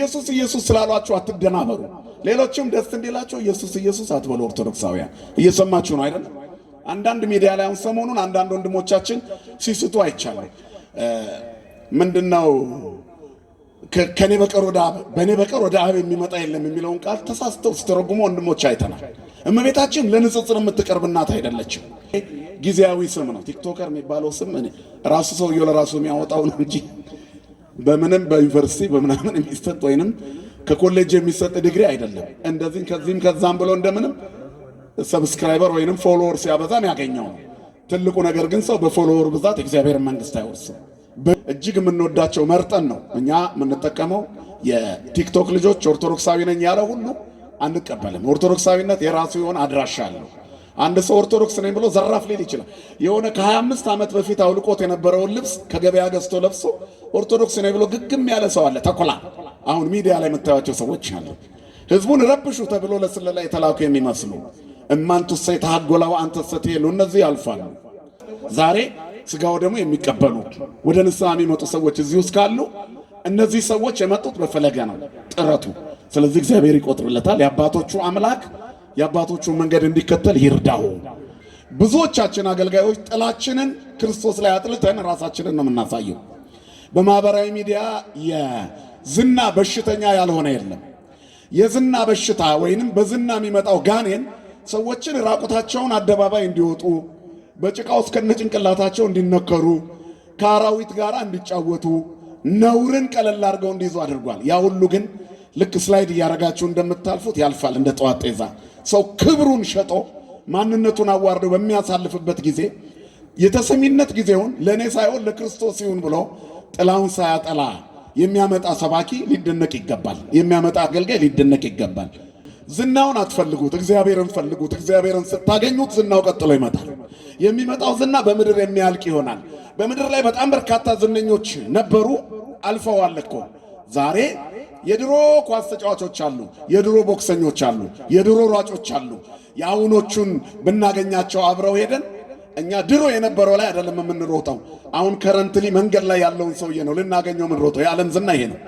ኢየሱስ ኢየሱስ ስላሏችሁ አትደናበሩ። ሌሎችም ደስ እንዲላቸው ኢየሱስ ኢየሱስ አትበሉ። ኦርቶዶክሳውያን እየሰማችሁ ነው አይደል? አንዳንድ ሚዲያ ላይ አሁን ሰሞኑን አንዳንድ ወንድሞቻችን ሲስቱ አይቻልም። ምንድነው ከኔ በቀር ወደ አብ በእኔ በቀር ወደ አብ የሚመጣ የለም የሚለውን ቃል ተሳስተው ስተረጉሞ ወንድሞች አይተናል። እመቤታችን ለንጽጽር የምትቀርብ እናት አይደለችም። ጊዜያዊ ስም ነው። ቲክቶከር የሚባለው ስም ራሱ ሰውየው ለራሱ የሚያወጣው ነው እንጂ በምንም በዩኒቨርሲቲ በምናምን የሚሰጥ ወይንም ከኮሌጅ የሚሰጥ ዲግሪ አይደለም። እንደዚህም ከዚህም ከዛም ብሎ እንደምንም ሰብስክራይበር ወይንም ፎሎወር ሲያበዛም ያገኘው ነው። ትልቁ ነገር ግን ሰው በፎሎወር ብዛት እግዚአብሔር መንግስት አይወርስም። እጅግ የምንወዳቸው መርጠን ነው እኛ የምንጠቀመው። የቲክቶክ ልጆች ኦርቶዶክሳዊ ነኝ ያለ ሁሉ አንቀበልም። ኦርቶዶክሳዊነት የራሱ የሆነ አድራሻ አለው። አንድ ሰው ኦርቶዶክስ ነኝ ብሎ ዘራፍ ሊል ይችላል። የሆነ ከ25 ዓመት በፊት አውልቆት የነበረውን ልብስ ከገበያ ገዝቶ ለብሶ ኦርቶዶክስ ነኝ ብሎ ግግም ያለ ሰው አለ። ተኩላ አሁን ሚዲያ ላይ የምታዩቸው ሰዎች አሉ። ህዝቡን ረብሹ ተብሎ ለስለላ የተላኩ የሚመስሉ እማንቱ ሰይ ተሐጎላው አንተ ሰትሄሉ እነዚህ ያልፋሉ። ዛሬ ስጋው ደግሞ የሚቀበሉ ወደ ንስሐ የሚመጡ ሰዎች እዚህ ውስጥ ካሉ እነዚህ ሰዎች የመጡት በፈለገ ነው ጥረቱ። ስለዚህ እግዚአብሔር ይቆጥርለታል። የአባቶቹ አምላክ የአባቶቹን መንገድ እንዲከተል ይርዳው። ብዙዎቻችን አገልጋዮች ጥላችንን ክርስቶስ ላይ አጥልተን ራሳችንን ነው የምናሳየው። በማህበራዊ ሚዲያ የዝና በሽተኛ ያልሆነ የለም። የዝና በሽታ ወይንም በዝና የሚመጣው ጋኔን ሰዎችን ራቁታቸውን አደባባይ እንዲወጡ፣ በጭቃ ውስጥ ጭንቅላታቸው እንዲነከሩ፣ ከአራዊት ጋር እንዲጫወቱ፣ ነውርን ቀለል አድርገው እንዲይዙ አድርጓል። ያ ሁሉ ግን ልክ ስላይድ እያደረጋችሁ እንደምታልፉት ያልፋል እንደ ጠዋት ጤዛ። ሰው ክብሩን ሸጦ ማንነቱን አዋርዶ በሚያሳልፍበት ጊዜ የተሰሚነት ጊዜውን ለእኔ ሳይሆን ለክርስቶስ ይሁን ብሎ ጥላውን ሳያጠላ የሚያመጣ ሰባኪ ሊደነቅ ይገባል። የሚያመጣ አገልጋይ ሊደነቅ ይገባል። ዝናውን አትፈልጉት፣ እግዚአብሔርን ፈልጉት። እግዚአብሔርን ስታገኙት ዝናው ቀጥሎ ይመጣል። የሚመጣው ዝና በምድር የሚያልቅ ይሆናል። በምድር ላይ በጣም በርካታ ዝነኞች ነበሩ፣ አልፈዋል እኮ ዛሬ የድሮ ኳስ ተጫዋቾች አሉ፣ የድሮ ቦክሰኞች አሉ፣ የድሮ ሯጮች አሉ። የአሁኖቹን ብናገኛቸው አብረው ሄደን እኛ ድሮ የነበረው ላይ አይደለም የምንሮጠው። አሁን ከረንትሊ መንገድ ላይ ያለውን ሰውዬ ነው ልናገኘው የምንሮጠው። የዓለም ዝና ይሄ ነው።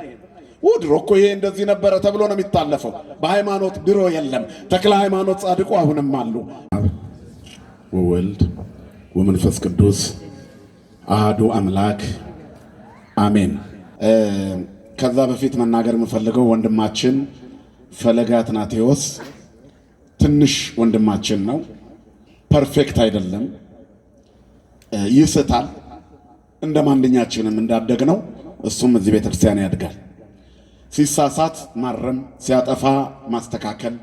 ድሮ እኮ ይሄ እንደዚህ ነበረ ተብሎ ነው የሚታለፈው። በሃይማኖት ድሮ የለም። ተክለ ሃይማኖት ጻድቁ አሁንም አሉ። ወወልድ ወመንፈስ ቅዱስ አህዱ አምላክ አሜን። ከዛ በፊት መናገር የምፈልገው ወንድማችን ፈለገ አትናቴዎስ ትንሽ ወንድማችን ነው። ፐርፌክት አይደለም፣ ይስታል። እንደ ማንኛችንም ነው እሱም እዚህ ቤተክርስቲያን ያድጋል። ሲሳሳት ማረም፣ ሲያጠፋ ማስተካከል፣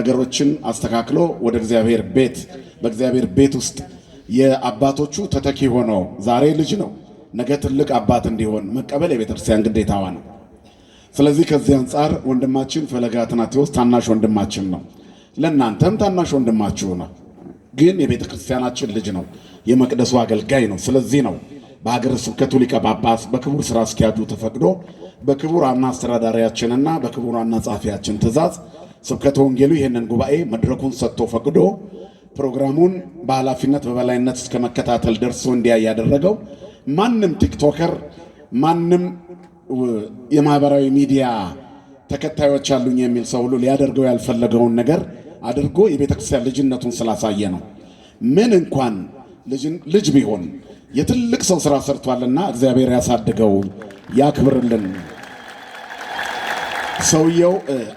ነገሮችን አስተካክሎ ወደ እግዚአብሔር ቤት በእግዚአብሔር ቤት ውስጥ የአባቶቹ ተተኪ ሆኖ ዛሬ ልጅ ነው ነገ ትልቅ አባት እንዲሆን መቀበል የቤተክርስቲያን ግዴታዋ ነው። ስለዚህ ከዚህ አንጻር ወንድማችን ፈለገ አትናቴዎስ ታናሽ ወንድማችን ነው፣ ለእናንተም ታናሽ ወንድማችሁ ነው። ግን የቤተ ክርስቲያናችን ልጅ ነው፣ የመቅደሱ አገልጋይ ነው። ስለዚህ ነው በሀገረ ስብከቱ ሊቀ ጳጳስ በክቡር ስራ አስኪያጁ ተፈቅዶ በክቡር ዋና አስተዳዳሪያችንና በክቡር ዋና ጸሐፊያችን ትእዛዝ ስብከተ ወንጌሉ ይህንን ጉባኤ መድረኩን ሰጥቶ ፈቅዶ ፕሮግራሙን በኃላፊነት በበላይነት እስከ መከታተል ደርሶ እንዲያ ያደረገው ማንም ቲክቶከር ማንም የማህበራዊ ሚዲያ ተከታዮች አሉኝ የሚል ሰው ሁሉ ሊያደርገው ያልፈለገውን ነገር አድርጎ የቤተ ክርስቲያን ልጅነቱን ስላሳየ ነው። ምን እንኳን ልጅ ቢሆን የትልቅ ሰው ስራ ሰርቷልና እግዚአብሔር ያሳድገው ያክብርልን። ሰውየው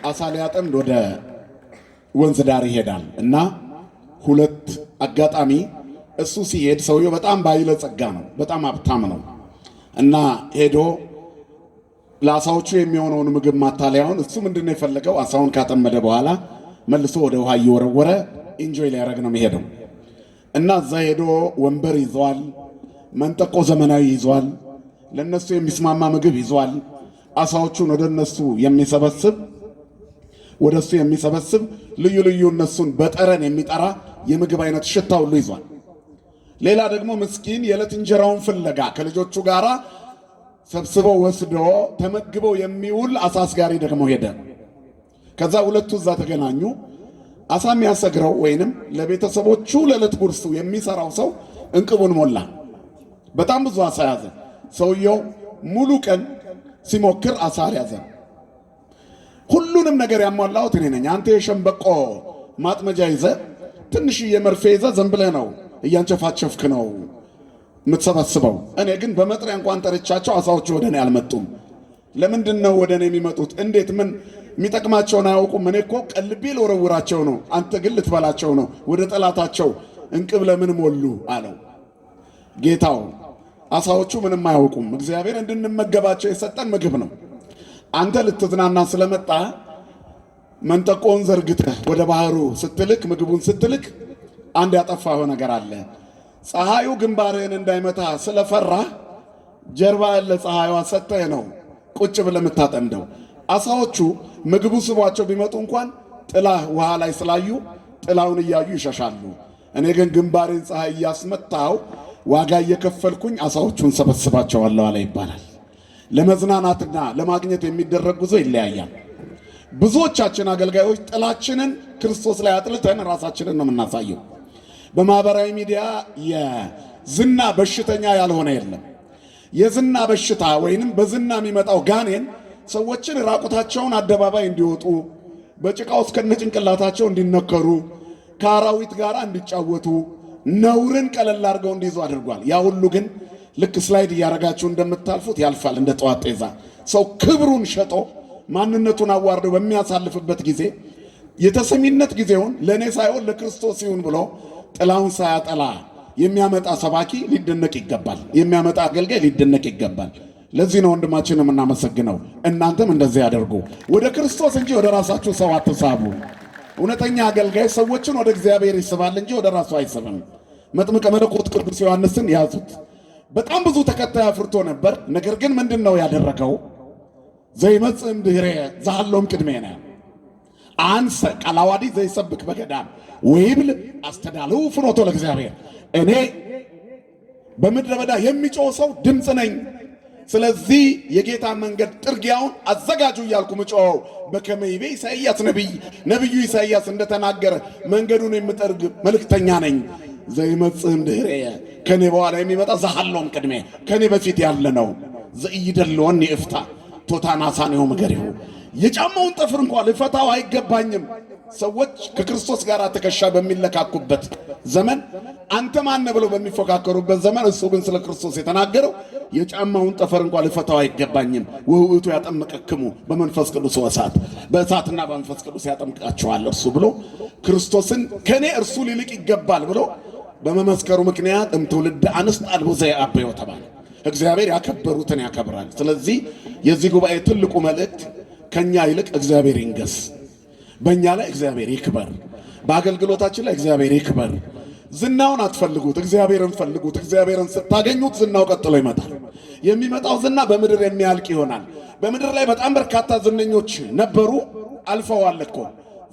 አሳ ሊያጠምድ ወደ ወንዝ ዳር ይሄዳል እና ሁለት አጋጣሚ እሱ ሲሄድ ሰውየው በጣም ባይለጸጋ ነው፣ በጣም ሀብታም ነው እና ሄዶ ለአሳዎቹ የሚሆነውን ምግብ ማታለያውን እሱ ምንድን ነው የፈለገው? አሳውን ካጠመደ በኋላ መልሶ ወደ ውሃ እየወረወረ ኢንጆይ ሊያደረግ ነው የሚሄደው እና እዛ ሄዶ ወንበር ይዘዋል፣ መንጠቆ ዘመናዊ ይዟል፣ ለእነሱ የሚስማማ ምግብ ይዟል። አሳዎቹን ወደ እነሱ የሚሰበስብ ወደ እሱ የሚሰበስብ ልዩ ልዩ እነሱን በጠረን የሚጠራ የምግብ አይነት ሽታ ሁሉ ይዟል። ሌላ ደግሞ ምስኪን የዕለት እንጀራውን ፍለጋ ከልጆቹ ጋር ሰብስበው ወስዶ ተመግበው የሚውል አሳ አስጋሪ ደግሞ ሄደ። ከዛ ሁለቱ እዛ ተገናኙ። አሳ የሚያሰግረው ወይንም ለቤተሰቦቹ ለዕለት ጉርሱ የሚሰራው ሰው እንቅቡን ሞላ። በጣም ብዙ አሳ ያዘ። ሰውየው ሙሉ ቀን ሲሞክር አሳ አልያዘም። ሁሉንም ነገር ያሟላሁት እኔ ነኝ። አንተ የሸንበቆ ማጥመጃ ይዘ ትንሽዬ መርፌ ይዘ ዘንብለህ ነው እያንቸፋቸፍክ ነው የምትሰበስበው። እኔ ግን በመጥሪያ እንኳን ጠርቻቸው አሳዎች ወደ እኔ አልመጡም። ለምንድን ነው ወደ እኔ የሚመጡት? እንዴት ምን የሚጠቅማቸውን አያውቁም። እኔ እኮ ቀልቤ ልወረውራቸው ነው፣ አንተ ግን ልትበላቸው ነው። ወደ ጠላታቸው እንቅብ ለምን ሞሉ አለው ጌታው። አሳዎቹ ምንም አያውቁም። እግዚአብሔር እንድንመገባቸው የሰጠን ምግብ ነው። አንተ ልትዝናና ስለመጣ መንጠቆውን ዘርግተህ ወደ ባህሩ ስትልክ ምግቡን ስትልክ አንድ ያጠፋኸው ነገር አለ። ፀሐዩ ግንባርህን እንዳይመታ ጀርባ ያለ ለፀሐይዋ ሰጠህ ነው ቁጭ ብለህ የምታጠምደው። አሳዎቹ ምግቡ ስቧቸው ቢመጡ እንኳን ጥላህ ውሃ ላይ ስላዩ ጥላውን እያዩ ይሸሻሉ። እኔ ግን ግንባሬን ፀሐይ እያስመታው ዋጋ እየከፈልኩኝ አሳዎቹን ሰበስባቸዋለሁ አለ ይባላል። ለመዝናናትና ለማግኘት የሚደረግ ጉዞ ይለያያል። ብዙዎቻችን አገልጋዮች ጥላችንን ክርስቶስ ላይ አጥልተን ራሳችንን ነው የምናሳየው። በማህበራዊ ሚዲያ የዝና በሽተኛ ያልሆነ የለም። የዝና በሽታ ወይንም በዝና የሚመጣው ጋኔን ሰዎችን ራቁታቸውን አደባባይ እንዲወጡ በጭቃ ውስጥ ጭንቅላታቸው እንዲነከሩ ከአራዊት ጋር እንዲጫወቱ ነውርን ቀለል አድርገው እንዲይዙ አድርጓል። ያ ሁሉ ግን ልክ ስላይድ እያደረጋችሁ እንደምታልፉት ያልፋል እንደ ጠዋት ጤዛ። ሰው ክብሩን ሸጦ ማንነቱን አዋርዶ በሚያሳልፍበት ጊዜ የተሰሚነት ጊዜውን ለእኔ ሳይሆን ለክርስቶስ ይሁን ብሎ ጥላውን ሳያጠላ የሚያመጣ ሰባኪ ሊደነቅ ይገባል። የሚያመጣ አገልጋይ ሊደነቅ ይገባል። ለዚህ ነው ወንድማችን የምናመሰግነው። እናንተም እንደዚህ ያደርጉ። ወደ ክርስቶስ እንጂ ወደ ራሳችሁ ሰው አትሳቡ። እውነተኛ አገልጋይ ሰዎችን ወደ እግዚአብሔር ይስባል እንጂ ወደ ራሱ አይስብም። መጥምቀ መለኮት ቅዱስ ዮሐንስን ያዙት። በጣም ብዙ ተከታይ አፍርቶ ነበር። ነገር ግን ምንድን ነው ያደረገው? ዘይመጽእ እምድኅሬየ ዘሀሎም ቅድሜነ አንሰ ቀላዋዲ ዘይሰብክ በገዳም ወይብል አስተዳልው ፍኖቶ ለእግዚአብሔር እኔ በምድረ በዳ የሚጮህ ሰው ድምፅ ነኝ። ስለዚህ የጌታ መንገድ ጥርጊያውን አዘጋጁ እያልኩ ምጮኸው በከመይቤ ኢሳይያስ ነቢይ ነቢዩ ኢሳይያስ እንደተናገረ መንገዱን የምጠርግ መልእክተኛ ነኝ። ዘይመጽእ እምድኅሬየ ከኔ በኋላ የሚመጣ ዘሃሎም ቅድሜ ከኔ በፊት ያለ ነው። ዘኢይደልወኒ እፍታ ቶታናሳኔው ምገሪሁ የጫማውን ጠፍር እንኳ ልፈታው አይገባኝም። ሰዎች ከክርስቶስ ጋር ትከሻ በሚለካኩበት ዘመን አንተ ማነ ብለው በሚፎካከሩበት ዘመን እሱ ግን ስለ ክርስቶስ የተናገረው የጫማውን ጠፈር እንኳ ልፈታው አይገባኝም። ውህውቱ ያጠመቀክሙ በመንፈስ ቅዱስ ወሳት በእሳትና በመንፈስ ቅዱስ ያጠምቃቸዋል እርሱ ብሎ ክርስቶስን ከእኔ እርሱ ሊልቅ ይገባል ብሎ በመመስከሩ ምክንያት እምትውልደ አንስት አልቡዘ አበዮ ተባለ። እግዚአብሔር ያከበሩትን ያከብራል። ስለዚህ የዚህ ጉባኤ ትልቁ መልእክት ከኛ ይልቅ እግዚአብሔር ይንገስ። በእኛ ላይ እግዚአብሔር ይክበር። በአገልግሎታችን ላይ እግዚአብሔር ይክበር። ዝናውን አትፈልጉት፣ እግዚአብሔርን ፈልጉት። እግዚአብሔርን ስታገኙት ዝናው ቀጥሎ ይመጣል። የሚመጣው ዝና በምድር የሚያልቅ ይሆናል። በምድር ላይ በጣም በርካታ ዝነኞች ነበሩ፣ አልፈዋል እኮ።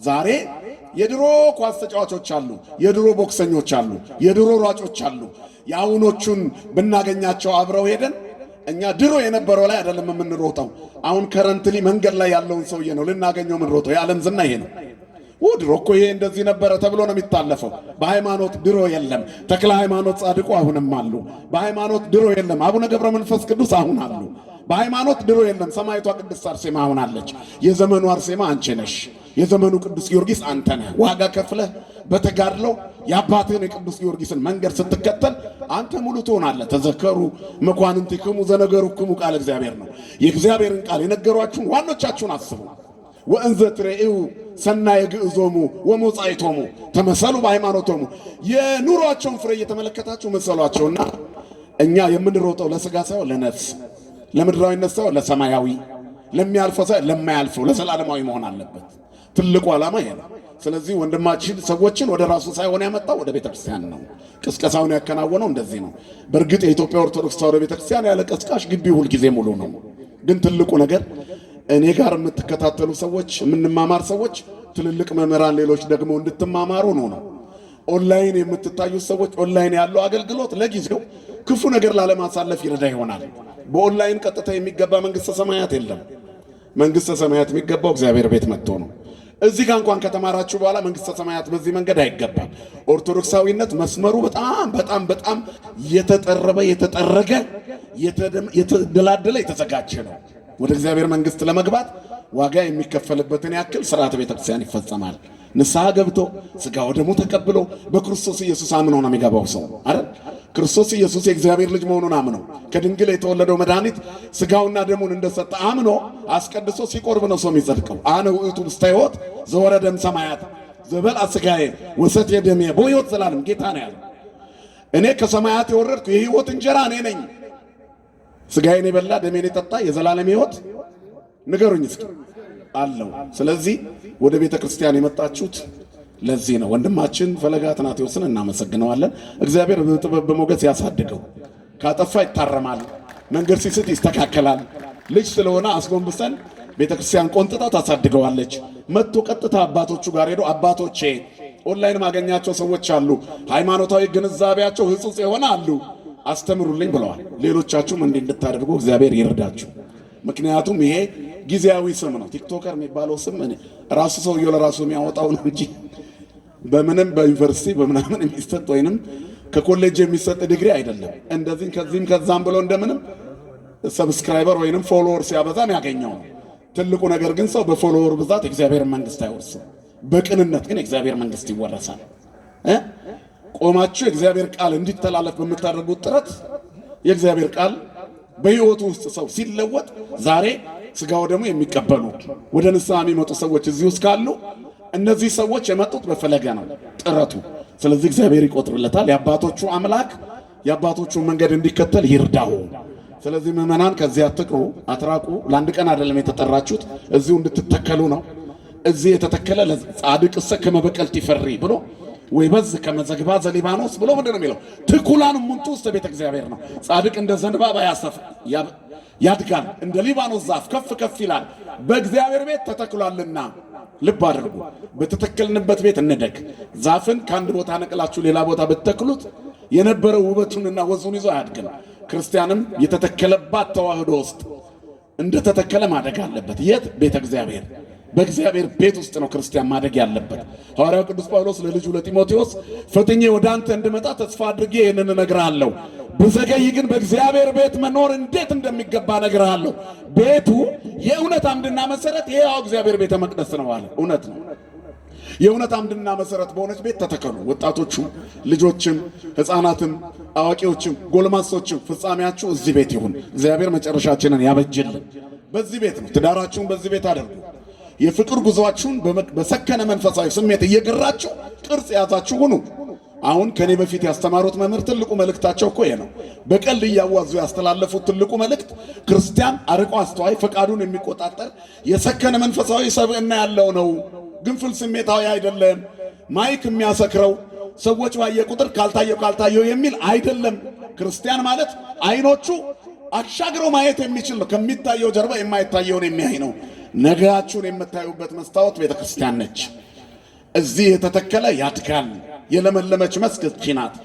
ዛሬ የድሮ ኳስ ተጫዋቾች አሉ፣ የድሮ ቦክሰኞች አሉ፣ የድሮ ሯጮች አሉ። የአሁኖቹን ብናገኛቸው አብረው ሄደን እኛ ድሮ የነበረው ላይ አይደለም የምንሮጠው። አሁን ከረንትሊ መንገድ ላይ ያለውን ሰውዬ ነው ልናገኘው የምንሮጠው። የዓለም ዝና ይሄ ነው። ድሮ እኮ ይሄ እንደዚህ ነበረ ተብሎ ነው የሚታለፈው። በሃይማኖት ድሮ የለም። ተክለ ሃይማኖት ጻድቁ አሁንም አሉ። በሃይማኖት ድሮ የለም። አቡነ ገብረ መንፈስ ቅዱስ አሁን አሉ። በሃይማኖት ድሮ የለም። ሰማይቷ ቅድስት አርሴማ አሁን አለች። የዘመኑ አርሴማ አንቺ ነሽ። የዘመኑ ቅዱስ ጊዮርጊስ አንተ ነህ። ዋጋ ከፍለህ በተጋድለው የአባትህን የቅዱስ ጊዮርጊስን መንገድ ስትከተል አንተ ሙሉ ትሆናለህ። ተዘከሩ መኳንንቲክሙ ዘነገሩክሙ ቃል እግዚአብሔር ነው። የእግዚአብሔርን ቃል የነገሯችሁን ዋኖቻችሁን አስቡ። ወእንዘ ትሬኡ ሰናየ ግዕዞሙ ወሞጻይቶሙ ተመሰሉ በሃይማኖቶሙ። የኑሯቸውን ፍሬ እየተመለከታችሁ መሰሏቸውና እኛ የምንሮጠው ለስጋ ሳይሆን ለነፍስ ለምድራዊነት ሳይሆን ለሰማያዊ ለሚያልፈው ሳይሆን ለማያልፈው ለዘላለማዊ መሆን አለበት። ትልቁ ዓላማ ይሄ ነው። ስለዚህ ወንድማችን ሰዎችን ወደ ራሱ ሳይሆን ያመጣው ወደ ቤተክርስቲያን ነው። ቅስቀሳውን ያከናወነው እንደዚህ ነው። በእርግጥ የኢትዮጵያ ኦርቶዶክስ ተዋሕዶ ቤተክርስቲያን ያለ ቀስቃሽ ግቢው ሁልጊዜ ሙሉ ነው። ግን ትልቁ ነገር እኔ ጋር የምትከታተሉ ሰዎች፣ የምንማማር ሰዎች፣ ትልልቅ መምህራን፣ ሌሎች ደግሞ እንድትማማሩ ነው ነው ኦንላይን የምትታዩ ሰዎች ኦንላይን ያለው አገልግሎት ለጊዜው ክፉ ነገር ላለማሳለፍ ይረዳ ይሆናል። በኦንላይን ቀጥታ የሚገባ መንግሥተ ሰማያት የለም። መንግሥተ ሰማያት የሚገባው እግዚአብሔር ቤት መጥቶ ነው። እዚህ ጋር እንኳን ከተማራችሁ በኋላ መንግስተ ሰማያት በዚህ መንገድ አይገባም። ኦርቶዶክሳዊነት መስመሩ በጣም በጣም በጣም የተጠረበ የተጠረገ የተደላደለ የተዘጋጀ ነው። ወደ እግዚአብሔር መንግስት ለመግባት ዋጋ የሚከፈልበትን ያክል ስርዓተ ቤተክርስቲያን ይፈጸማል። ንስሐ ገብቶ ስጋ ወደሙ ተቀብሎ በክርስቶስ ኢየሱስ አምኖ ነው የሚገባው ሰው አይደል? ክርስቶስ ኢየሱስ የእግዚአብሔር ልጅ መሆኑን አምኖ ከድንግል የተወለደው መድኃኒት ስጋውና ደሙን እንደሰጠ አምኖ አስቀድሶ ሲቆርብ ነው ሰው የሚጸድቀው። አነ ውእቱ ውስተ ሕይወት ደም ሰማያት ዘበልዐ ስጋዬ ወሰትየ ደሜ ቦ ዘላለም ጌታ ነው ያለው። እኔ ከሰማያት የወረድኩ የሕይወት እንጀራ እኔ ነኝ። ስጋዬን የበላ ደሜን የጠጣ የዘላለም ሕይወት ንገሩኝ እስኪ አለው። ስለዚህ ወደ ቤተ ክርስቲያን የመጣችሁት ለዚህ ነው ወንድማችን ፈለገ አትናቴዎስን እናመሰግነዋለን። እግዚአብሔር በጥበብ በሞገስ ያሳድገው። ካጠፋ ይታረማል፣ መንገድ ሲስት ይስተካከላል። ልጅ ስለሆነ አስጎንብሰን ቤተክርስቲያን ቆንጥጣ ታሳድገዋለች። መጥቶ ቀጥታ አባቶቹ ጋር ሄዶ አባቶቼ፣ ኦንላይን ማገኛቸው ሰዎች አሉ፣ ሃይማኖታዊ ግንዛቤያቸው ህጹጽ የሆነ አሉ፣ አስተምሩልኝ ብለዋል። ሌሎቻችሁም እንዲህ እንድታደርጉ እግዚአብሔር ይርዳችሁ። ምክንያቱም ይሄ ጊዜያዊ ስም ነው። ቲክቶከር የሚባለው ስም ራሱ ሰውየው ለራሱ የሚያወጣው ነው እንጂ በምንም በዩኒቨርሲቲ በምናምን የሚሰጥ ወይንም ከኮሌጅ የሚሰጥ ዲግሪ አይደለም። እንደዚህም ከዚህም ከዛም ብሎ እንደምንም ሰብስክራይበር ወይንም ፎሎወር ሲያበዛም ያገኘው ነው። ትልቁ ነገር ግን ሰው በፎሎወር ብዛት እግዚአብሔር መንግስት አይወርስም። በቅንነት ግን እግዚአብሔር መንግስት ይወረሳል። ቆማችሁ የእግዚአብሔር ቃል እንዲተላለፍ በምታደርጉት ጥረት የእግዚአብሔር ቃል በህይወቱ ውስጥ ሰው ሲለወጥ ዛሬ ስጋው ደግሞ የሚቀበሉ ወደ ንስሐ የሚመጡ ሰዎች እዚህ ውስጥ ካሉ እነዚህ ሰዎች የመጡት በፈለገ ነው ጥረቱ። ስለዚህ እግዚአብሔር ይቆጥርለታል። የአባቶቹ አምላክ የአባቶቹ መንገድ እንዲከተል ይርዳው። ስለዚህ ምዕመናን ከዚህ አትቅሩ፣ አትራቁ። ለአንድ ቀን አይደለም የተጠራችሁት፣ እዚሁ እንድትተከሉ ነው። እዚህ የተተከለ ጻድቅ እሰ ከመበቀል ቲፈሪ ብሎ ወይ በዝ ከመዘግባ ዘሊባኖስ ብሎ ምንድን ነው የሚለው? ትኩላን ሙንጡ ውስጥ ቤተ እግዚአብሔር ነው። ጻድቅ እንደ ዘንባባ ያድጋል፣ እንደ ሊባኖስ ዛፍ ከፍ ከፍ ይላል፣ በእግዚአብሔር ቤት ተተክሏልና። ልብ አድርጉ። በተተከልንበት ቤት እንደግ። ዛፍን ከአንድ ቦታ ነቅላችሁ ሌላ ቦታ ብትተክሉት የነበረው ውበቱንና ወዙን ይዞ አያድግም። ክርስቲያንም የተተከለባት ተዋህዶ ውስጥ እንደተተከለ ማደግ አለበት። የት? ቤተ እግዚአብሔር በእግዚአብሔር ቤት ውስጥ ነው ክርስቲያን ማደግ ያለበት። ሐዋርያው ቅዱስ ጳውሎስ ለልጁ ለጢሞቴዎስ ፈትኜ ወደ አንተ እንድመጣ ተስፋ አድርጌ ይህንን እነግርሃለሁ፣ ብዘገይ ግን በእግዚአብሔር ቤት መኖር እንዴት እንደሚገባ እነግርሃለሁ። ቤቱ የእውነት አምድና መሰረት ይኸው እግዚአብሔር ቤተ መቅደስ ነው አለ። እውነት ነው። የእውነት አምድና መሰረት በሆነች ቤት ተተከሉ። ወጣቶቹም፣ ልጆችም፣ ሕፃናትም፣ አዋቂዎችም፣ ጎልማሶችም ፍጻሜያችሁ እዚህ ቤት ይሁን። እግዚአብሔር መጨረሻችንን ያበጅልን። በዚህ ቤት ነው። ትዳራችሁን በዚህ ቤት አድርጉ። የፍቅር ጉዞአችሁን በሰከነ መንፈሳዊ ስሜት እየገራችሁ ቅርጽ የያዛችሁ ሁኑ። አሁን ከኔ በፊት ያስተማሩት መምህር ትልቁ መልእክታቸው እኮ ይሄ ነው። በቀል እያዋዙ ያስተላለፉት ትልቁ መልእክት ክርስቲያን አርቆ አስተዋይ፣ ፈቃዱን የሚቆጣጠር የሰከነ መንፈሳዊ ሰብዕና ያለው ነው። ግንፍል ስሜታዊ አይደለም። ማይክ የሚያሰክረው ሰዎች ባየ ቁጥር ካልታየው ካልታየው የሚል አይደለም። ክርስቲያን ማለት አይኖቹ አሻግሮ ማየት የሚችል ነው። ከሚታየው ጀርባ የማይታየውን የሚያይ ነው። ነገያችሁን የምታዩበት መስታወት ቤተ ክርስቲያን ነች። እዚህ የተተከለ ያድጋል። የለመለመች መስክ እቺ ናት።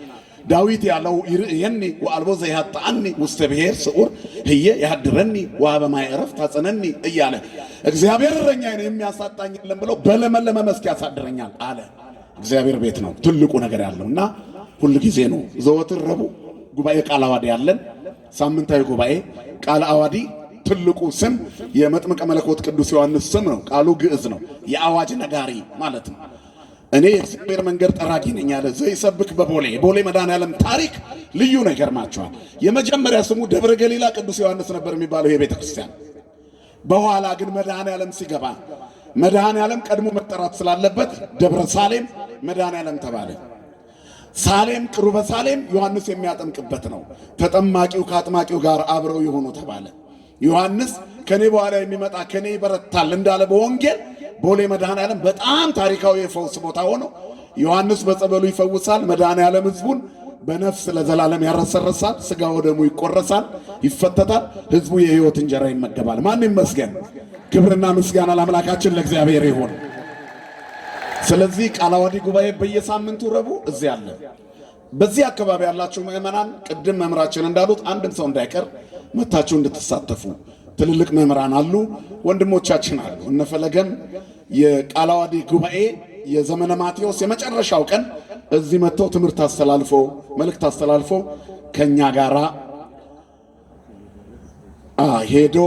ዳዊት ያለው ይርእየኒ ወአልቦ ዘይሃጥአኒ ውስተ ብሔር ስዑር ህየ ያድረኒ ወሀበማየ ዕረፍት ታጸነኒ እያለ እግዚአብሔር እረኛዬ ነው የሚያሳጣኝ የለም በለመለመ መስክ ያሳድረኛል አለ። እግዚአብሔር ቤት ነው ትልቁ ነገር ያለው እና ሁል ጊዜ ነው ዘወትር ረቡዕ ጉባኤ ቃለ አዋዲ ያለን ሳምንታዊ ጉባኤ ቃለ አዋዲ ትልቁ ስም የመጥምቀ መለኮት ቅዱስ ዮሐንስ ስም ነው። ቃሉ ግዕዝ ነው። የአዋጅ ነጋሪ ማለት ነው። እኔ የእግዚአብሔር መንገድ ጠራጊ ነኝ ያለ ዘይሰብክ በቦሌ የቦሌ መድኃኔዓለም ታሪክ ልዩ ነው። ይገርማቸዋል። የመጀመሪያ ስሙ ደብረ ገሊላ ቅዱስ ዮሐንስ ነበር የሚባለው የቤተ ክርስቲያን። በኋላ ግን መድኃኔዓለም ሲገባ መድኃኔዓለም ቀድሞ መጠራት ስላለበት ደብረ ሳሌም መድኃኔዓለም ተባለ። ሳሌም ቅሩበ ሳሌም ዮሐንስ የሚያጠምቅበት ነው። ተጠማቂው ከአጥማቂው ጋር አብረው የሆኑ ተባለ። ዮሐንስ ከኔ በኋላ የሚመጣ ከኔ ይበረታል እንዳለ በወንጌል ቦሌ ዓለም በጣም ታሪካዊ የፈውስ ቦታ ሆኖ ዮሐንስ በጸበሉ ይፈውሳል። ዓለም ህዝቡን በነፍስ ለዘላለም ያረሰረሳል። ስጋ ወደሙ ይቆረሳል፣ ይፈተታል። ህዝቡ የህይወት እንጀራ ይመገባል። ማን ይመስገን? ክብርና ምስጋና ለአምላካችን ለእግዚአብሔር ይሁን። ስለዚህ ቃለ ዓዋዲ ጉባኤ በየሳምንቱ ረቡዕ እዚያ አለ። በዚህ አካባቢ ያላችሁ ምዕመናን ቅድም መምራችን እንዳሉት አንድም ሰው እንዳይቀር መታችሁ እንድትሳተፉ ትልልቅ መምህራን አሉ፣ ወንድሞቻችን አሉ። እነፈለገም የቃላዋዲ ጉባኤ የዘመነ ማቴዎስ የመጨረሻው ቀን እዚህ መጥተው ትምህርት አስተላልፎ መልእክት አስተላልፎ ከኛ ጋራ ሄዶ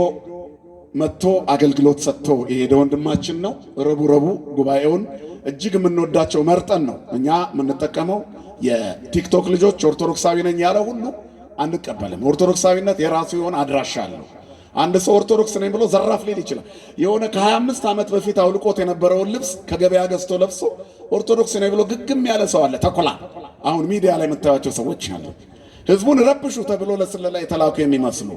መጥቶ አገልግሎት ሰጥቶ የሄደ ወንድማችን ነው። ረቡ ረቡ ጉባኤውን እጅግ የምንወዳቸው መርጠን ነው እኛ የምንጠቀመው። የቲክቶክ ልጆች ኦርቶዶክሳዊ ነኝ ያለ ሁሉ አንቀበልም። ኦርቶዶክሳዊነት የራሱ የሆነ አድራሻ አለው። አንድ ሰው ኦርቶዶክስ ነኝ ብሎ ዘራፍ ሊል ይችላል። የሆነ ከ25 ዓመት በፊት አውልቆት የነበረውን ልብስ ከገበያ ገዝቶ ለብሶ ኦርቶዶክስ ነኝ ብሎ ግግም ያለ ሰው አለ። ተኩላ አሁን ሚዲያ ላይ የምታያቸው ሰዎች አሉ። ህዝቡን ረብሹ ተብሎ ለስለላ የተላኩ የሚመስሉ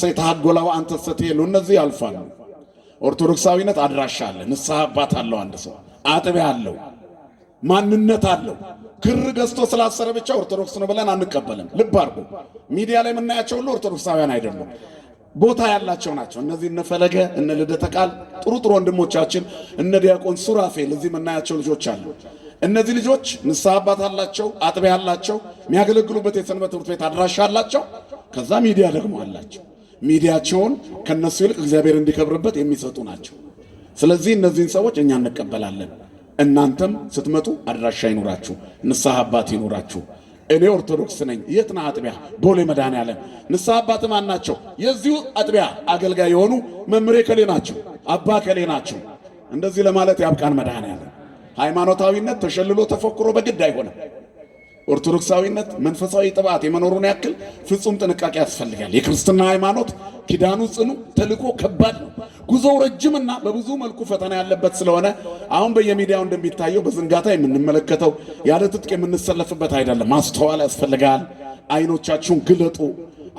ሰ የተሃጎላው አንተሰ የሉ እነዚህ ያልፋሉ። ኦርቶዶክሳዊነት አድራሻ አለ። ንስሐ አባት አለው አንድ ሰው አጥቢያ አለው፣ ማንነት አለው። ክር ገዝቶ ስላሰረ ብቻ ኦርቶዶክስ ነው ብለን አንቀበልም። ልብ አድርጎ ሚዲያ ላይ የምናያቸው ሁሉ ኦርቶዶክሳውያን አይደሉም። ቦታ ያላቸው ናቸው። እነዚህ እነ ፈለገ እነ ልደተ ቃል ጥሩ ጥሩ ወንድሞቻችን እነ ዲያቆን ሱራፌል እዚህ የምናያቸው ልጆች አሉ። እነዚህ ልጆች ንስሐ አባት አላቸው፣ አጥቢያ አላቸው፣ የሚያገለግሉበት የሰንበት ትምህርት ቤት አድራሻ አላቸው። ከዛ ሚዲያ ደግሞ አላቸው። ሚዲያቸውን ከነሱ ይልቅ እግዚአብሔር እንዲከብርበት የሚሰጡ ናቸው። ስለዚህ እነዚህን ሰዎች እኛ እንቀበላለን። እናንተም ስትመጡ አድራሻ ይኖራችሁ፣ ንስሐ አባት ይኖራችሁ እኔ ኦርቶዶክስ ነኝ። የት ነህ? አጥቢያ ቦሌ መድኃኔዓለም። ንስሐ አባት ማን ናቸው? የዚሁ አጥቢያ አገልጋይ የሆኑ መምሬ ከሌ ናቸው፣ አባ ከሌ ናቸው። እንደዚህ ለማለት ያብቃን። መድኃኔዓለም ሃይማኖታዊነት ተሸልሎ ተፎክሮ በግድ አይሆንም። ኦርቶዶክሳዊነት መንፈሳዊ ጥባት የመኖሩን ያክል ፍጹም ጥንቃቄ ያስፈልጋል። የክርስትና ሃይማኖት ኪዳኑ ጽኑ፣ ተልእኮ ከባድ ነው። ጉዞው ረጅምና በብዙ መልኩ ፈተና ያለበት ስለሆነ አሁን በየሚዲያው እንደሚታየው በዝንጋታ የምንመለከተው ያለ ትጥቅ የምንሰለፍበት አይደለም። ማስተዋል ያስፈልጋል። አይኖቻችሁን ግለጡ።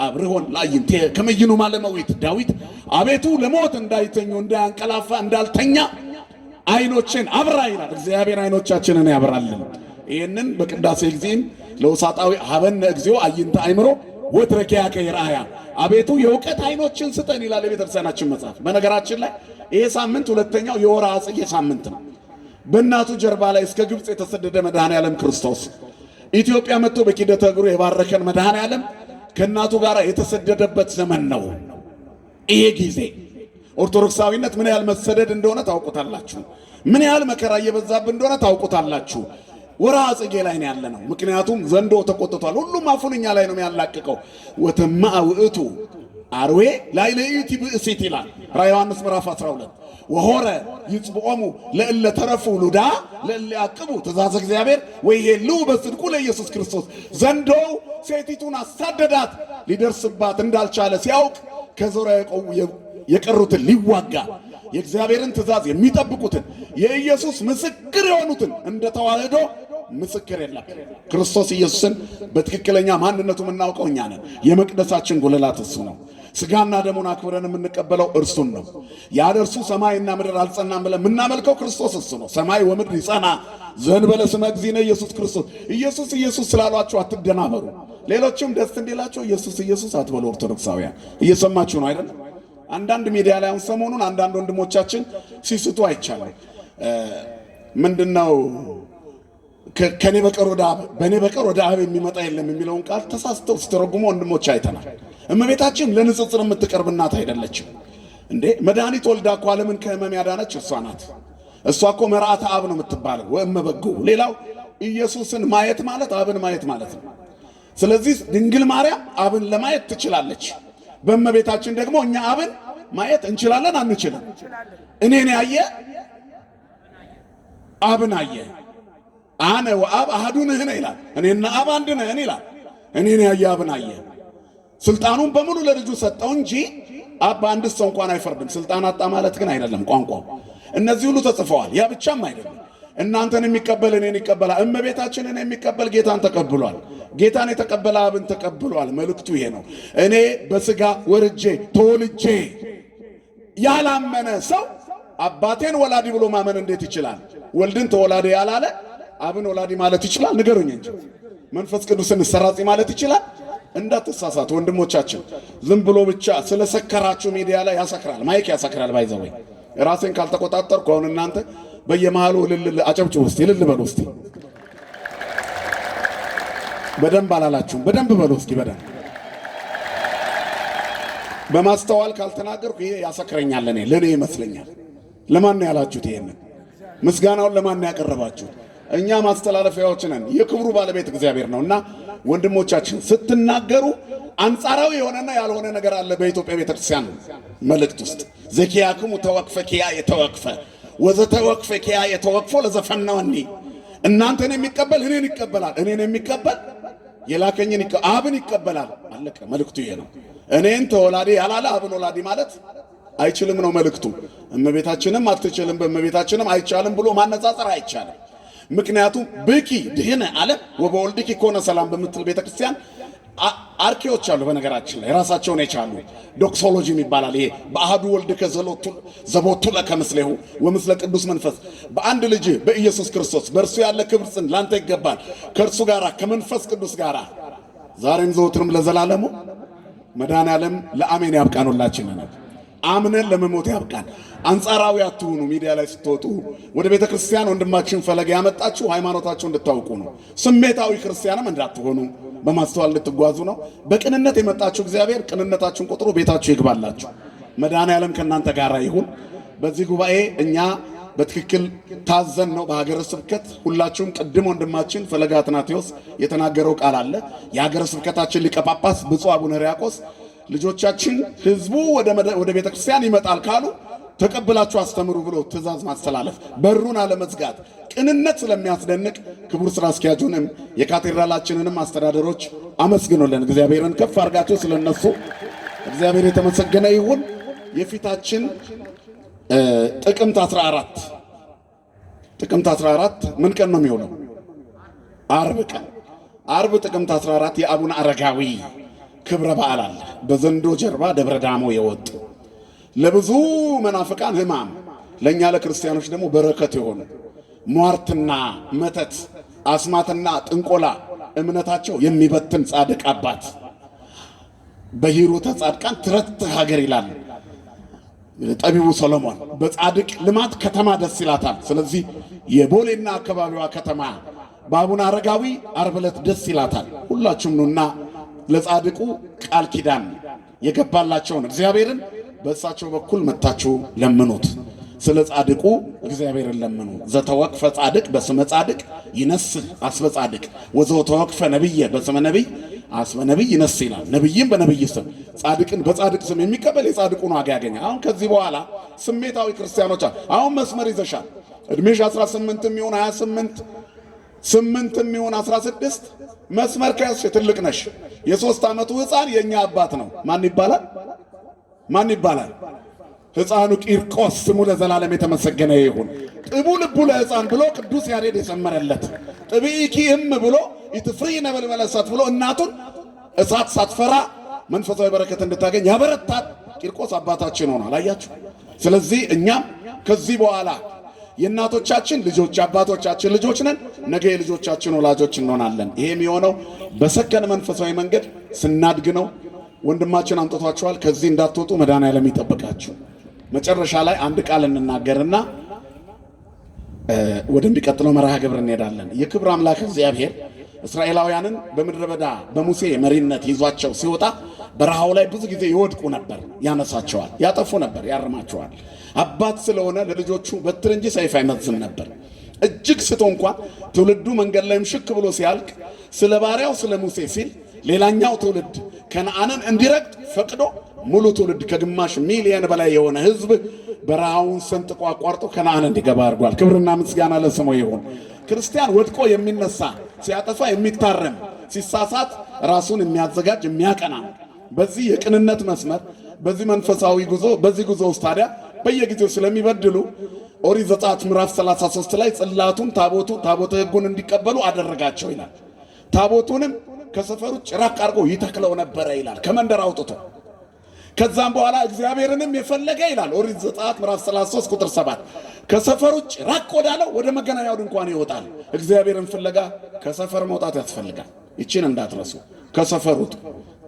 አብርሆን ላይን ከመይኑ ማለመዊት ዳዊት አቤቱ ለሞት እንዳይተኙ እንዳያንቀላፋ እንዳልተኛ አይኖችን አብራ ይላል። እግዚአብሔር አይኖቻችንን ያብራልን። ይህንን በቅዳሴ ጊዜም ለውሳጣዊ ሀበነ እግዚኦ አዕይንተ አይምሮ ወትረኪያከ የራእያ አቤቱ የእውቀት አይኖችን ስጠን ይላል የቤተክርስቲያናችን መጽሐፍ። በነገራችን ላይ ይሄ ሳምንት ሁለተኛው የወራ ጽጌ ሳምንት ነው። በእናቱ ጀርባ ላይ እስከ ግብፅ የተሰደደ መድኃኔ ዓለም ክርስቶስ ኢትዮጵያ መጥቶ በኪደተ እግሩ የባረከን መድኃኔ ዓለም ከእናቱ ጋር የተሰደደበት ዘመን ነው። ይሄ ጊዜ ኦርቶዶክሳዊነት ምን ያህል መሰደድ እንደሆነ ታውቁታላችሁ። ምን ያህል መከራ እየበዛብን እንደሆነ ታውቁታላችሁ። ወራ ጽጌ ላይ ነው ያለ ነው። ምክንያቱም ዘንዶ ተቆጥቷል። ሁሉም አፉን እኛ ላይ ነው የሚያላቅቀው። ወተማ ውእቱ አርዌ ላይ ለዩቲ ብእሲት ይላል ራዕየ ዮሐንስ ምዕራፍ 12 ወሆረ ይጽብዖሙ ለእለ ተረፉ ሉዳ ለእለ ያቅቡ ትእዛዘ እግዚአብሔር ወይሄልው በጽድቁ ለኢየሱስ ክርስቶስ። ዘንዶው ሴቲቱን አሳደዳት ሊደርስባት እንዳልቻለ ሲያውቅ ከዙሪያው የቀሩትን ሊዋጋ የእግዚአብሔርን ትእዛዝ የሚጠብቁትን የኢየሱስ ምስክር የሆኑትን እንደ ተዋህዶ ምስክር የለም። ክርስቶስ ኢየሱስን በትክክለኛ ማንነቱ የምናውቀው እኛ ነን። የመቅደሳችን ጉልላት እሱ ነው። ስጋና ደሙን አክብረን የምንቀበለው እርሱን ነው። ያለ እርሱ ሰማይና ምድር አልጸናም ብለን የምናመልከው ክርስቶስ እሱ ነው። ሰማይ ወምድር ይጸና ዘእንበለ ስመ እግዚእነ ኢየሱስ ክርስቶስ። ኢየሱስ ኢየሱስ ስላሏችሁ አትደናበሩ። ሌሎችም ደስ እንዲላቸው ኢየሱስ ኢየሱስ አትበሉ። ኦርቶዶክሳውያን እየሰማችሁ ነው አይደለም? አንዳንድ ሚዲያ ላይ አሁን ሰሞኑን አንዳንድ ወንድሞቻችን ሲስቱ አይቻልም። ምንድነው ከኔ በቀር ወደ አብ በኔ በቀር ወደ አብ የሚመጣ የለም የሚለውን ቃል ተሳስተው ሲተረጉሙ ወንድሞች አይተናል። እመቤታችን ለንጽጽር የምትቀርብ እናት አይደለችም። እንዴ መድኃኒት ወልዳ እኮ ዓለምን ከህመም ያዳነች እሷ ናት። እሷ እኮ መርአተ አብ ነው የምትባለው ወእመበጎ። ሌላው ኢየሱስን ማየት ማለት አብን ማየት ማለት ነው። ስለዚህ ድንግል ማርያም አብን ለማየት ትችላለች። በእመቤታችን ደግሞ እኛ አብን ማየት እንችላለን አንችልም? እኔን ያየ አብን አየ አነ ወአብ አህዱ ንሕነ ይላል። እኔና አብ አንድ ነን ይላል። እኔን ያየ አብን አየ። ስልጣኑን በሙሉ ለልጁ ሰጠው እንጂ አብ በአንድ ሰው እንኳን አይፈርድም። ስልጣን አጣ ማለት ግን አይደለም ቋንቋው። እነዚህ ሁሉ ተጽፈዋል። ያ ብቻም አይደለም። እናንተን የሚቀበል እኔን ይቀበላል። እመቤታችንን የሚቀበል ጌታን ተቀብሏል። ጌታን የተቀበለ አብን ተቀብሏል። መልእክቱ ይሄ ነው። እኔ በስጋ ወርጄ ተወልጄ ያላመነ ሰው አባቴን ወላዲ ብሎ ማመን እንዴት ይችላል? ወልድን ተወላዴ ያላለ አብን ወላዲ ማለት ይችላል? ንገሩኝ እንጂ መንፈስ ቅዱስን ሰራጺ ማለት ይችላል? እንዳትሳሳት ወንድሞቻችን፣ ዝም ብሎ ብቻ ስለሰከራችሁ ሚዲያ ላይ ያሰክራል፣ ማይክ ያሰክራል። ባይዘወይ ራሴን ካልተቆጣጠርኩ አሁን እናንተ በየመሃሉ እልል አጨብጭ ውስጥ እልል በሉ ውስጥ በደንብ አላላችሁም። በደንብ በሉ እስኪ በደንብ በማስተዋል ካልተናገርኩ ይሄ ያሰክረኛል። እኔ ለእኔ ይመስለኛል። ለማን ነው ያላችሁት? ይሄንን ምስጋናውን ለማን ነው ያቀረባችሁት? እኛ ማስተላለፊያዎች ነን። የክብሩ ባለቤት እግዚአብሔር ነው እና ወንድሞቻችን ስትናገሩ አንጻራዊ የሆነና ያልሆነ ነገር አለ። በኢትዮጵያ ቤተክርስቲያን መልእክት ውስጥ ዘኪያክሙ ተወክፈ ኪያ የተወክፈ ወዘተወክፈ ኪያ የተወክፎ ለዘፈናወኒ እናንተን የሚቀበል እኔን ይቀበላል፣ እኔን የሚቀበል የላከኝን አብን ይቀበላል። አለቀ። መልእክቱ ይሄ ነው። እኔን ተወላዲ ያላለ አብን ወላዲ ማለት አይችልም ነው መልእክቱ። እመቤታችንም አትችልም፣ በእመቤታችንም አይቻልም ብሎ ማነጻጸር አይቻልም። ምክንያቱም ብኪ ድህነ አለ ወበወልድኪ ኮነ ሰላም በምትል ቤተክርስቲያን አርኪዎች አሉ። በነገራችን ላይ ራሳቸውን የቻሉ ዶክሶሎጂ ይባላል። ይሄ በአህዱ ወልድ ከዘሎቱ ዘቦቱ ለከምስሌሁ ወምስለ ቅዱስ መንፈስ በአንድ ልጅ በኢየሱስ ክርስቶስ በእርሱ ያለ ክብር ጽን ላንተ ይገባል ከእርሱ ጋር ከመንፈስ ቅዱስ ጋር ዛሬም ዘወትርም ለዘላለሙ መድኃኔ ዓለም ለአሜን ያብቃኑላችን ነው። አምነን ለመሞት ያብቃል። አንጻራዊ አትሁኑ። ሚዲያ ላይ ስትወጡ ወደ ቤተ ክርስቲያን ወንድማችን ፈለገ ያመጣችሁ ሃይማኖታችሁ እንድታውቁ ነው። ስሜታዊ ክርስቲያንም እንዳትሆኑ በማስተዋል እንድትጓዙ ነው። በቅንነት የመጣችሁ እግዚአብሔር ቅንነታችሁን ቆጥሮ ቤታችሁ ይግባላችሁ። መድኃኔ ዓለም ከእናንተ ጋር ይሁን። በዚህ ጉባኤ እኛ በትክክል ታዘን ነው። በሀገረ ስብከት ሁላችሁም ቅድም ወንድማችን ፈለገ አትናቴዎስ የተናገረው ቃል አለ። የሀገረ ስብከታችን ሊቀ ጳጳስ ብፁዕ አቡነ ሪያቆስ ልጆቻችን ህዝቡ ወደ ቤተ ክርስቲያን ይመጣል ካሉ ተቀብላችሁ አስተምሩ ብሎ ትእዛዝ ማስተላለፍ፣ በሩን አለመዝጋት፣ ቅንነት ስለሚያስደንቅ ክቡር ስራ አስኪያጁንም የካቴድራላችንንም አስተዳደሮች አመስግኖለን እግዚአብሔርን ከፍ አድርጋችሁ ስለነሱ እግዚአብሔር የተመሰገነ ይሁን። የፊታችን ጥቅምት 14 ጥቅምት 14 ምን ቀን ነው የሚሆነው? አርብ ቀን አርብ ጥቅምት 14 የአቡነ አረጋዊ ክብረ በዓል አለ። በዘንዶ ጀርባ ደብረ ዳሞ የወጡ ለብዙ መናፍቃን ሕማም ለእኛ ለክርስቲያኖች ደግሞ በረከት የሆኑ ሟርትና መተት አስማትና ጥንቆላ እምነታቸው የሚበትን ጻድቅ አባት በሂሩተ ጻድቃን ትረት ሀገር ይላል ጠቢቡ ሰሎሞን። በጻድቅ ልማት ከተማ ደስ ይላታል። ስለዚህ የቦሌና አካባቢዋ ከተማ በአቡነ አረጋዊ ዓርብ ዕለት ደስ ይላታል። ሁላችሁም ኑና ለጻድቁ ቃል ኪዳን የገባላቸውን እግዚአብሔርን በእሳቸው በኩል መታችሁ ለምኑት። ስለ ጻድቁ እግዚአብሔርን ለምኑ። ዘተወቅፈ ጻድቅ በስመ ጻድቅ ይነስህ አስበ ጻድቅ ወዘተወቅፈ ነቢየ በስመ ነቢይ አስበ ነቢይ ይነስ ይላል። ነቢይም በነቢይ ስም ጻድቅን በጻድቅ ስም የሚቀበል የጻድቁን ዋጋ ያገኛል። አሁን ከዚህ በኋላ ስሜታዊ ክርስቲያኖች አሁን መስመር ይዘሻል። እድሜሽ 18 የሚሆን 28 ስምንት የሚሆን አስራ ስድስት መስመር ከያዝሽ ትልቅ ነሽ። የሶስት ዓመቱ ህፃን የእኛ አባት ነው። ማን ይባላል? ማን ይባላል? ህፃኑ ቂርቆስ ስሙ ለዘላለም የተመሰገነ ይሁን። ጥቡ ልቡ ለህፃን ብሎ ቅዱስ ያሬድ የሰመረለት ጥብኢኪ እም ብሎ ኢትፍሪ ነበልበለ እሳት ብሎ እናቱን እሳት ሳትፈራ መንፈሳዊ በረከት እንድታገኝ ያበረታት ቂርቆስ አባታችን ሆኗል። አያችሁ። ስለዚህ እኛም ከዚህ በኋላ የእናቶቻችን ልጆች አባቶቻችን ልጆች ነን። ነገ የልጆቻችን ወላጆች እንሆናለን። ይሄም የሆነው በሰከነ መንፈሳዊ መንገድ ስናድግ ነው። ወንድማችን አምጥቷችኋል። ከዚህ እንዳትወጡ መድኃኔዓለም ይጠብቃችሁ። መጨረሻ ላይ አንድ ቃል እንናገርና ወደሚቀጥለው መርሃ ግብር እንሄዳለን። የክብር አምላክ እግዚአብሔር እስራኤላውያንን በምድረ በዳ በሙሴ መሪነት ይዟቸው ሲወጣ በረሃው ላይ ብዙ ጊዜ ይወድቁ ነበር፣ ያነሳቸዋል። ያጠፉ ነበር፣ ያርማቸዋል። አባት ስለሆነ ለልጆቹ በትር እንጂ ሰይፍ አይመዝም ነበር። እጅግ ስቶ እንኳን ትውልዱ መንገድ ላይም ሽክ ብሎ ሲያልቅ ስለ ባሪያው ስለ ሙሴ ሲል ሌላኛው ትውልድ ከነአንን እንዲረግጥ ፈቅዶ ሙሉ ትውልድ ከግማሽ ሚሊየን በላይ የሆነ ሕዝብ በረሃውን ሰንጥቆ አቋርጦ ከነአን እንዲገባ አድርጓል። ክብርና ምስጋና ለስሙ ይሁን። ክርስቲያን ወድቆ የሚነሳ ሲያጠፋ የሚታረም ሲሳሳት ራሱን የሚያዘጋጅ የሚያቀና በዚህ የቅንነት መስመር በዚህ መንፈሳዊ ጉዞ በዚህ ጉዞ ውስጥ ታዲያ በየጊዜው ስለሚበድሉ ኦሪት ዘጸአት ምዕራፍ 33 ላይ ጽላቱን ታቦቱ ታቦተ ሕጉን እንዲቀበሉ አደረጋቸው ይላል። ታቦቱንም ከሰፈሩ ጭራቅ አድርጎ ይተክለው ነበረ ይላል፣ ከመንደር አውጥቶ። ከዛም በኋላ እግዚአብሔርንም የፈለገ ይላል ኦሪት ዘጸአት ምዕራፍ 33 ቁጥር 7 ከሰፈሩ ጭራቅ ወዳለው ወደ መገናኛው ድንኳን ይወጣል። እግዚአብሔርን ፍለጋ ከሰፈር መውጣት ያስፈልጋል። ይችን እንዳትረሱ ከሰፈሩት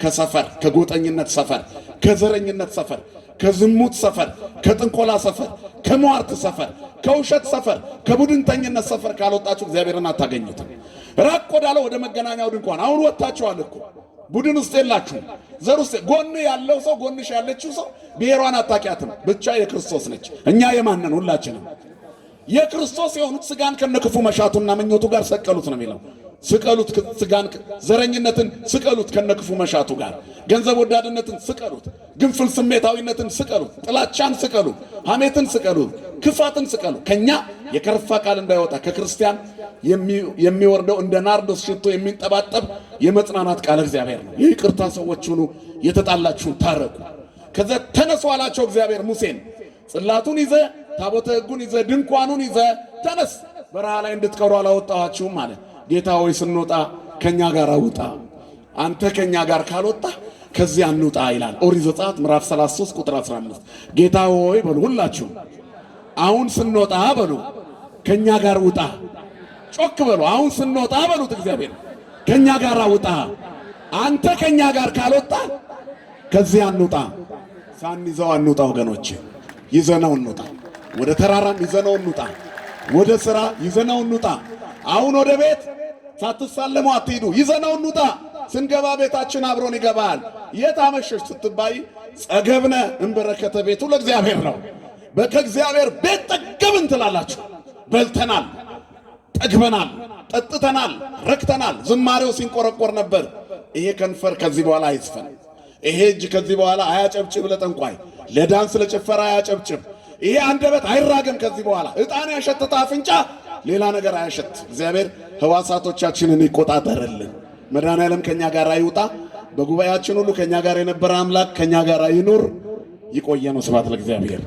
ከሰፈር ከጎጠኝነት ሰፈር ከዘረኝነት ሰፈር ከዝሙት ሰፈር ከጥንቆላ ሰፈር ከመዋርት ሰፈር ከውሸት ሰፈር ከቡድንተኝነት ሰፈር ካልወጣችሁ እግዚአብሔርን አታገኙትም። ራቅ ወዳለ ወደ መገናኛው ድንኳን አሁን ወጥታችኋል እኮ ቡድን ውስጥ የላችሁም። ዘር ውስጥ ጎን ያለው ሰው ጎንሽ ያለችው ሰው ብሔሯን አታውቂያትም። ብቻ የክርስቶስ ነች። እኛ የማንን ሁላችንም የክርስቶስ የሆኑት ሥጋን ከነክፉ መሻቱና ምኞቱ ጋር ሰቀሉት ነው የሚለው ስቀሉት፣ ስጋን ዘረኝነትን ስቀሉት፣ ከነክፉ መሻቱ ጋር ገንዘብ ወዳድነትን ስቀሉት፣ ግንፍል ስሜታዊነትን ስቀሉት፣ ጥላቻን ስቀሉ፣ ሐሜትን ስቀሉ፣ ክፋትን ስቀሉ። ከኛ የከርፋ ቃል እንዳይወጣ ከክርስቲያን የሚወርደው እንደ ናርዶስ ሽቶ የሚንጠባጠብ የመጽናናት ቃል እግዚአብሔር ነው። የይቅርታ ሰዎች ሁኑ፣ የተጣላችሁ ታረቁ። ከዘ ተነሱ አላቸው እግዚአብሔር ሙሴን ጽላቱን ይዘ ታቦተ ሕጉን ይዘ ድንኳኑን ይዘ ተነስ በረሃ ላይ እንድትቀሩ አላወጣኋችሁም ማለት ጌታ ሆይ ስንወጣ ከእኛ ጋር አውጣ፣ አንተ ከእኛ ጋር ካልወጣ ከዚህ አንውጣ ይላል ኦሪት ዘጸአት ምዕራፍ 33 ቁጥር 15። ጌታ ሆይ በሉ ሁላችሁ አሁን ስንወጣ በሉ ከእኛ ጋር ውጣ። ጮክ በሉ አሁን ስንወጣ በሉት እግዚአብሔር ከእኛ ጋር ውጣ፣ አንተ ከእኛ ጋር ካልወጣ ከዚህ አንውጣ። ሳንይዘው አንውጣ ወገኖች፣ ይዘነው እንውጣ። ወደ ተራራም ይዘነው እንውጣ። ወደ ሥራ ይዘነው እንውጣ። አሁን ወደ ቤት ሳትሳለሙ አትሂዱ፣ ይዘነው እንውጣ። ስንገባ ቤታችን አብሮን ይገባል። የት አመሸሽ ስትባይ ጸገብነ እምበረከተ ቤቱ ለእግዚአብሔር ነው። ከእግዚአብሔር ቤት ጠገብን ትላላችሁ። በልተናል፣ ጠግበናል፣ ጠጥተናል፣ ረክተናል። ዝማሬው ሲንቆረቆር ነበር። ይሄ ከንፈር ከዚህ በኋላ አይዝፈን። ይሄ እጅ ከዚህ በኋላ አያጨብጭብ ለጠንቋይ፣ ለዳንስ፣ ለጭፈራ አያጨብጭብ። ይሄ አንደበት አይራገም ከዚህ በኋላ። ዕጣን ያሸተተ አፍንጫ ሌላ ነገር አያሸት። እግዚአብሔር ህዋሳቶቻችንን ይቆጣጠርልን። መድኃኔዓለም ከእኛ ጋር ይውጣ። በጉባኤያችን ሁሉ ከእኛ ጋር የነበረ አምላክ ከእኛ ጋር ይኑር። ይቆየ ስብሐት ለእግዚአብሔር።